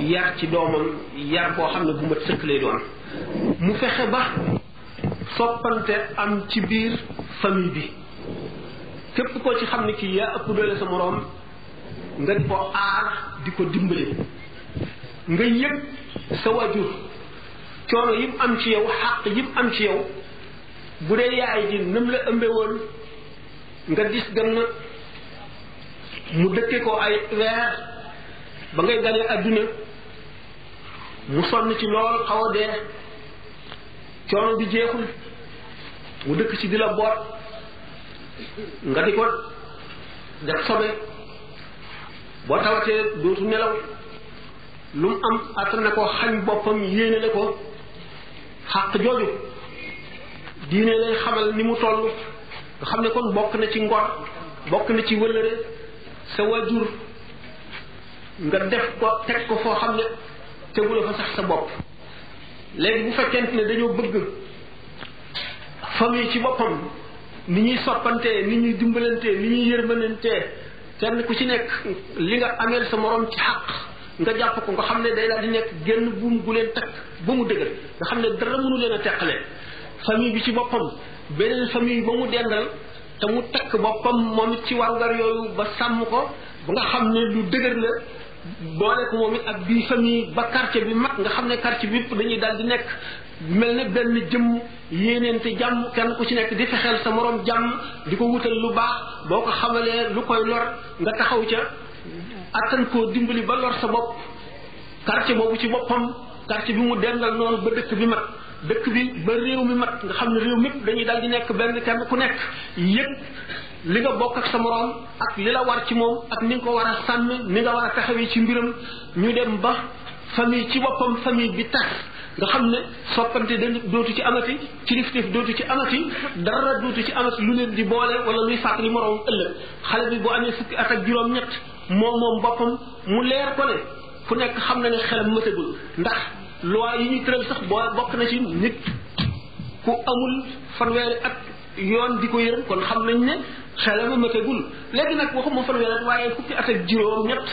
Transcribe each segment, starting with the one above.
yar ci doomam yar boo xam ne bu ma sëkk lay doon mu fexe ba soppante am ci biir famille bi képp koo ci xam ne kii yaa ëpp doole sa moroom nga di ko aar di ko dimbale nga yëg sa wajur coono yim am ci yow xàq yim am ci yow bu dee yaay ji nam la ëmbe woon nga dis gën mu dëkke ko ay weer ba ngay ganee àdduna mu sonn ci lool xaw a dee coono bi jeexul mu dëkk ci di la boot nga di ko def sobe boo tawatee dootu nelaw lu mu am attan ko xañ boppam yéene la ko xàq jooju diine lay xamal ni mu toll nga xam ne ko bokk na ci ngoot bokk na ci wëllëre sa waajur nga def ko teg ko foo xam ne tegula fa sax sa bopp léegi bu fekkent ne dañoo bëgg famille ci boppam ni ñuy soppantee ni ñuy dimbalantee ni ñuy yërmanantee kenn ku ci nekk li nga ameel sa morom ci xaq nga jàpp ko nga xam ne day daal di nekk génn buum gu leen takk ba mu dëgër nga xam ne dara mënu leen a teqale famille bi ci boppam beneen famille ba mu dendal te mu takk boppam moom it ci warugar yooyu ba sàmm ko ba nga xam ne lu dëgër la boole ko moom it ak bi famille ba quartier bi mag nga xam ne karti bi yëpp dañuy daal di nekk mel ne benn jëm jëmm yéeneente jàmm kenn ku ci nekk di fexeel sa morom jàmm di ko wutal lu baax boo ko xamalee lu koy lor nga taxaw ca attan koo dimbali ba lor sa bopp quartier boobu ci boppam quartier bi mu dengal noonu ba dëkk bi mat dëkk bi ba réew mi mat nga xam ne réew mépp dañuy daal di nekk benn kenn ku nekk yëpp li nga bokk ak sa moroom ak li la war ci moom ak ni nga ko war a sàmm ni nga war a taxawee ci mbiram ñu dem ba famille ci boppam famille bi tax nga xam ne soppante dañ dootu ci amati ci lifteef dootu ci amati dara dootu ci amati lu leen di boole wala luy fàttali moroom ëllëg xale bi boo amee fukki at ak juróom-ñett moom moom boppam mu leer ko ne fu nekk xam na ne xelam mësagul ndax loi yi ñu tëral sax boo bokk na ci nit ku amul fanweeri at yoon di ko yërëm kon xam nañ ne xelam matagul léegi nag waxuma fanweer ak waaye fukki at ak juróom ñett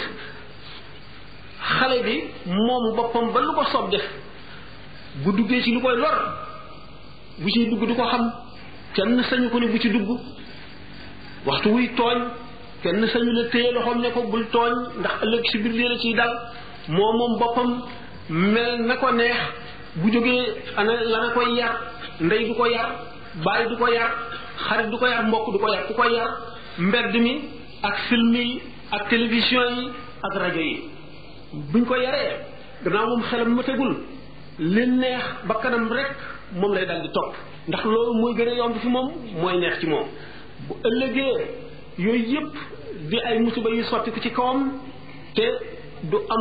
xale bi moom boppam ba lu ko soob def bu duggee ci lu koy lor bu ciy dugg du ko xam kenn sañu ko ne bu ci dugg waxtu wuy tooñ kenn sañu la téye loxoom ne ko bul tooñ ndax ëllëg si biir lii ciy dal moo moom boppam mel na ko neex bu jógee ana la na koy yar ndey du ko yar baay du ko yar xarit du ko yar mbokk du ko yar ku ko yar mbedd mi ak film yi ak télévision yi ak rajo yi buñ ko yaree gannaaw moom xelam ma tegul li neex ba kanam rek moom lay dal topp ndax loolu mooy gën a yomb fi moom mooy neex ci moom bu ëllëgee yooyu yépp di ay musiba yu sotti ko ci kawam te du am